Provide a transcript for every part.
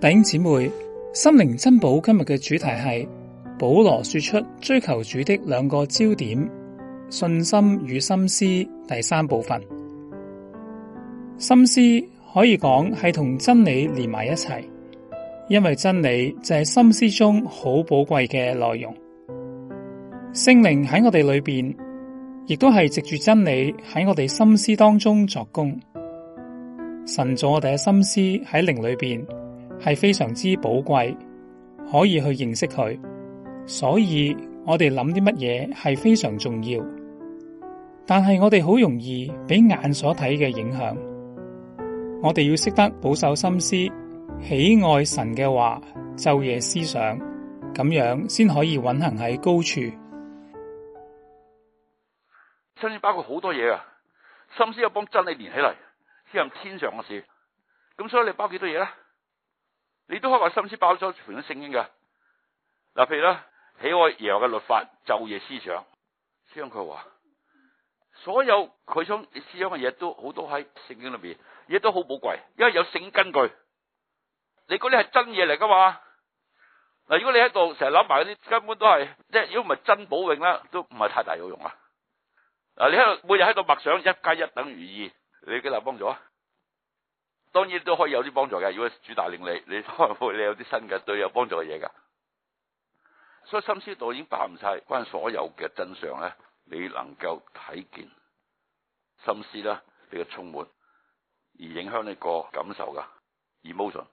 弟兄姐妹，心靈珍寶今日嘅主題係保羅說出追求主的兩個焦點：信心與心思。第三部分，心思可以講係同真理連埋一齊，因為真理就係心思中好寶貴嘅內容。聖靈喺我哋裏邊，亦都係藉住真理喺我哋心思當中作工。神在我哋嘅心思喺靈裏邊。係非常之寶貴，可以去認識佢。所以我哋諗啲乜嘢係非常重要，但係我哋好容易俾眼所睇嘅影響。我哋要識得保守心思，喜愛神嘅話，晝夜思想，咁樣先可以運行喺高處。甚至包括好多嘢啊，心思有幫真理連起嚟，先及天上嘅事。咁所以你包幾多嘢咧？你都可以話心思包咗全經聖經嘅嗱，譬如咧，喜愛耶和華嘅律法，晝夜思想，思想佢話所有佢想思想嘅嘢，都好多喺聖經裏邊，亦都好寶貴，因為有聖經根據，你嗰啲係真嘢嚟，噶嘛嗱，如果你喺度成日諗埋嗰啲根本都係即係如果唔係真寶永啦，都唔係太大有用啊嗱，你喺度每日喺度默想一加一等於二，你幾大幫助啊？當然都可以有啲幫助嘅。如果主大令你，你可能會有你有啲新嘅對你有幫助嘅嘢噶。所以心思道已經答唔曬關所有嘅真相咧。你能夠睇見心思啦，你嘅充滿而影響你個感受噶 emotion，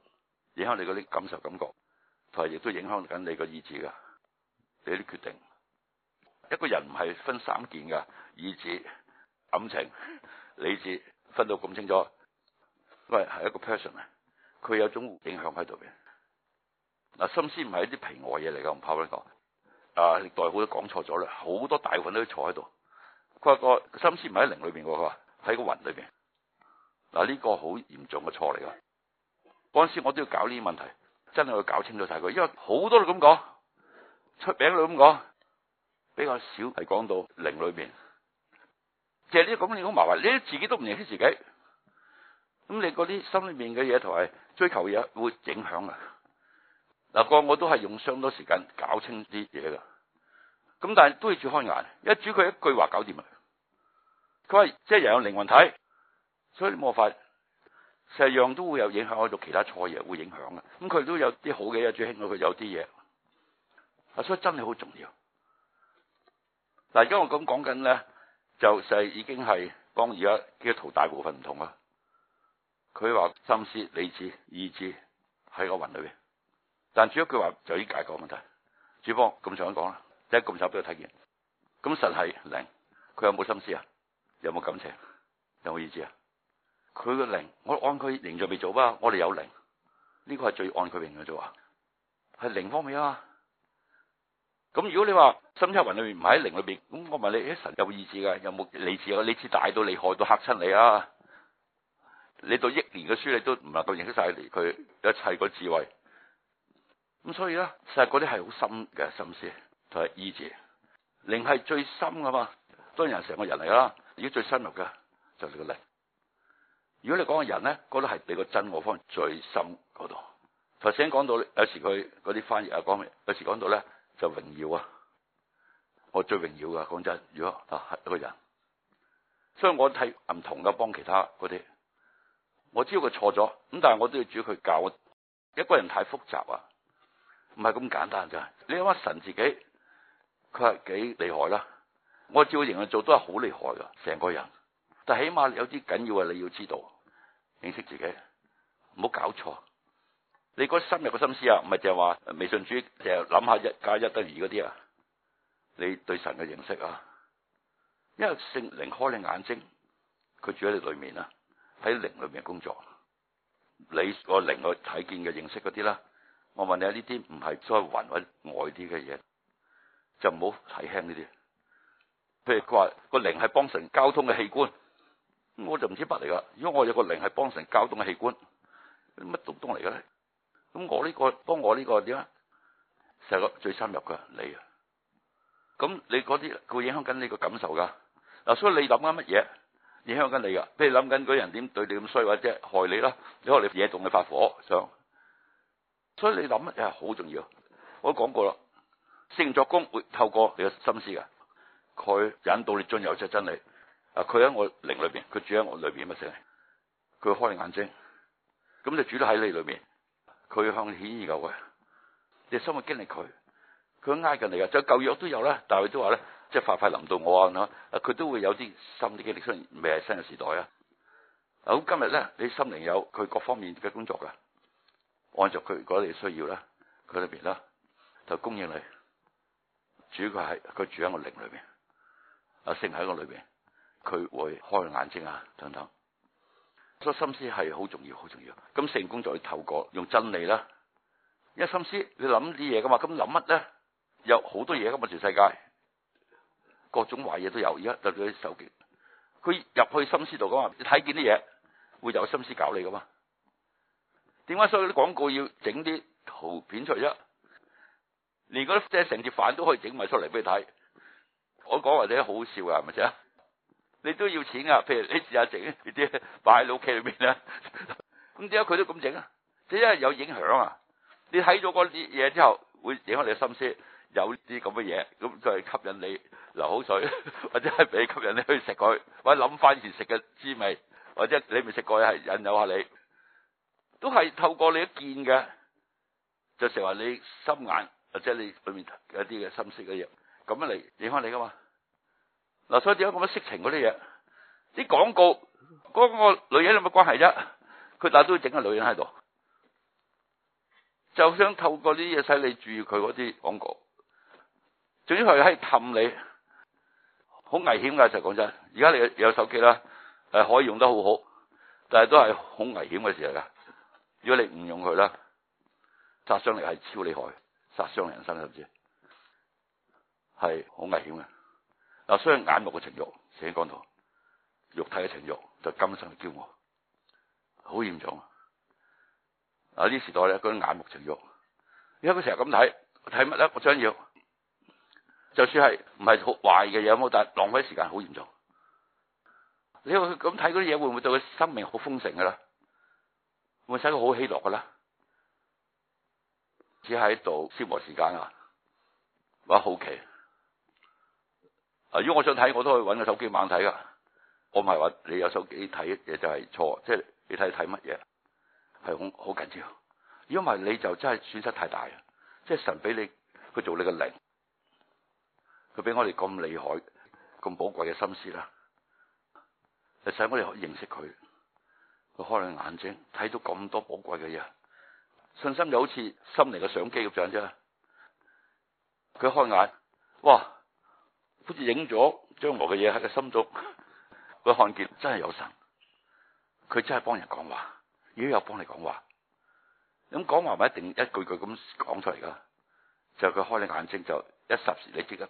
影響你嗰啲感受感覺，同埋亦都影響緊你個意志噶你啲決定。一個人唔係分三件噶，意志、感情、理智分到咁清楚。佢係一個 person 啊，佢有種影響喺度嘅。嗱，心思唔係一啲皮外嘢嚟噶，唔怕俾你講。啊，代好都講錯咗啦，好多大部分都坐喺度。佢話個心思唔喺靈裏邊喎，佢話喺個魂裏邊。嗱、啊、呢、這個好嚴重嘅錯嚟噶。嗰陣時我都要搞呢啲問題，真係要搞清楚晒佢，因為好多都咁講，出名都咁講，比較少係講到靈裏邊。即係呢啲咁樣好麻煩，你自己都唔認識自己。咁你嗰啲心裏面嘅嘢同埋追求嘢會影響啊！嗱，個我都係用相當時間搞清啲嘢㗎，咁但係都要注開眼，一注佢一句話搞掂啦。佢話即係又有靈魂體，所以魔法成樣都會有影響，去做其他錯嘢會影響啊。咁佢都有啲好嘅嘢，最興佢有啲嘢啊，所以真係好重要。嗱，而家我咁講緊咧，就係已經係當而家呢個圖大部分唔同啦。佢話心思、理智、意志喺個魂裏邊，但主要一句話就已經解決個問題。主方咁想講啦，即係咁手俾佢睇見，咁神係靈。佢有冇心思啊？有冇感情？有冇意志啊？佢個靈，我按佢靈在未做吧。我哋有靈，呢、這個係最按佢靈嘅做嘛。係靈方面啊。咁如果你話心思魂裏邊唔喺靈裏邊，咁我問你，誒、哎，神有冇意志噶？有冇理智啊？理智大到你害到嚇親你啊！你讀億年嘅書，你都唔能夠認識晒佢一切個智慧咁，所以咧，其實嗰啲係好深嘅心思就係意志靈係最深噶嘛。當然係成個人嚟噶啦，如果最深入嘅就係個靈。如果你講個人咧，嗰啲係你個真我方最深嗰度。頭先講到有時佢嗰啲翻譯啊講，有時講到咧就榮耀啊，我最榮耀噶。講真，如果啊係一個人，所以我睇唔同噶幫其他嗰啲。我知道佢錯咗，咁但係我都要主佢教，一個人太複雜啊，唔係咁簡單啫。你諗下神自己，佢係幾厲害啦。我照形去做都係好厲害噶，成個人。但起碼有啲緊要嘅你要知道，認識自己，唔好搞錯。你嗰深入嘅心思啊，唔係淨係話微信主，淨係諗下一加一得二嗰啲啊。你對神嘅認識啊，因為聖靈開你眼睛，佢住喺你裏面啊。喺靈裏面工作，你個靈去睇見嘅認識嗰啲啦，我問你呢啲唔係再雲或外啲嘅嘢，就唔好睇輕呢啲。譬如佢話個靈係幫神交通嘅器官，我就唔知乜嚟噶。如果我有個靈係幫神交通嘅器官，乜東東嚟嘅咧？咁我呢個幫我呢個點啊？成個最深入嘅你啊，咁你嗰啲佢會影響緊你個感受㗎。嗱，所以你諗緊乜嘢？影響緊你噶，譬如諗緊嗰人點對你咁衰或者害你啦，你可你嘢仲係發火上，所以你諗嘅好重要。我都講過啦，聖作工會透過你嘅心思噶，佢引導你進入只真理。啊，佢喺我靈裏邊，佢住喺我裏邊咪成，佢開你眼睛，咁你住得喺你裏面。佢向你顯而舊嘅，你心會經歷佢，佢挨近你噶，就舊約都有啦，但係都話咧。即係快快臨到我啊！吓，佢都會有啲心啲嘅力出未係新嘅時代啊！好，今日咧，你心靈有佢各方面嘅工作噶，按照佢嗰啲需要啦，佢裏邊啦，就供應你。主要佢係佢住喺個靈裏邊，啊，聖喺個裏邊，佢會開眼睛啊，等等。所以心思係好重要，好重要。咁性工作去透過用真理啦，因為一心思你諗啲嘢噶嘛，咁諗乜咧？有好多嘢噶嘛，全世界。各種壞嘢都有，而家特佢啲手機，佢入去心思度講話，你睇見啲嘢會有心思搞你噶嘛？點解所有啲廣告要整啲圖片出嚟啫？連嗰啲即係成碟飯都可以整埋出嚟俾你睇，我講話啲好笑嘅係咪先？你都要錢噶，譬如你試下整呢啲擺喺屋企裏邊啦。咁點解佢都咁整啊？即係因為有影響啊！你睇咗嗰啲嘢之後，會影響你嘅心思。有啲咁嘅嘢，咁就係吸引你流口水，或者係俾吸引你去食佢，或者諗翻以前食嘅滋味，或者你未食過嘢，係引誘下你，都係透過你一見嘅，就成為你心眼或者你裏面有啲嘅心思嘅嘢，咁樣嚟影響你噶嘛。嗱，所以點解咁多色情嗰啲嘢？啲廣告嗰個女人有乜關係啫？佢嗱都整個女人喺度，就想透過呢啲嘢使你注意佢嗰啲廣告。最主要係喺氹你，好危險㗎、就係！就講真，而家你有手機啦，係可以用得好好，但係都係好危險嘅事嚟㗎。如果你唔用佢啦，殺傷力係超厲害，殺傷人生甚至係好危險嘅。嗱，所以眼目嘅情慾，成日講到肉體嘅情慾，就係、今生嘅驕傲，好嚴重啊！啊，呢時代咧嗰啲眼目情慾，你睇佢成日咁睇，睇乜咧？我想要。就算係唔係好壞嘅嘢，冇，但係浪費時間好嚴重。你去咁睇嗰啲嘢，會唔會對佢生命好豐盛噶啦？會唔會使佢好喜樂噶啦？只喺度消磨時間啊，玩好奇。啊，如果我想睇，我都去搵個手機猛睇噶。我唔係話你有手機睇嘢就係錯，即係你睇睇乜嘢係好好緊要。如果唔係，你就真係損失太大啊！即係神俾你去做你嘅靈。佢俾我哋咁厲害、咁寶貴嘅心思啦，就使我哋認識佢，佢開你眼睛睇到咁多寶貴嘅嘢，信心就好似心靈嘅相機咁樣啫。佢開眼，哇，好似影咗將來嘅嘢喺個心中，佢 看見真係有神，佢真係幫人講話，如果有幫你講話，咁講話咪一定一句句咁講出嚟噶，就係佢開你眼睛就一霎時你即刻。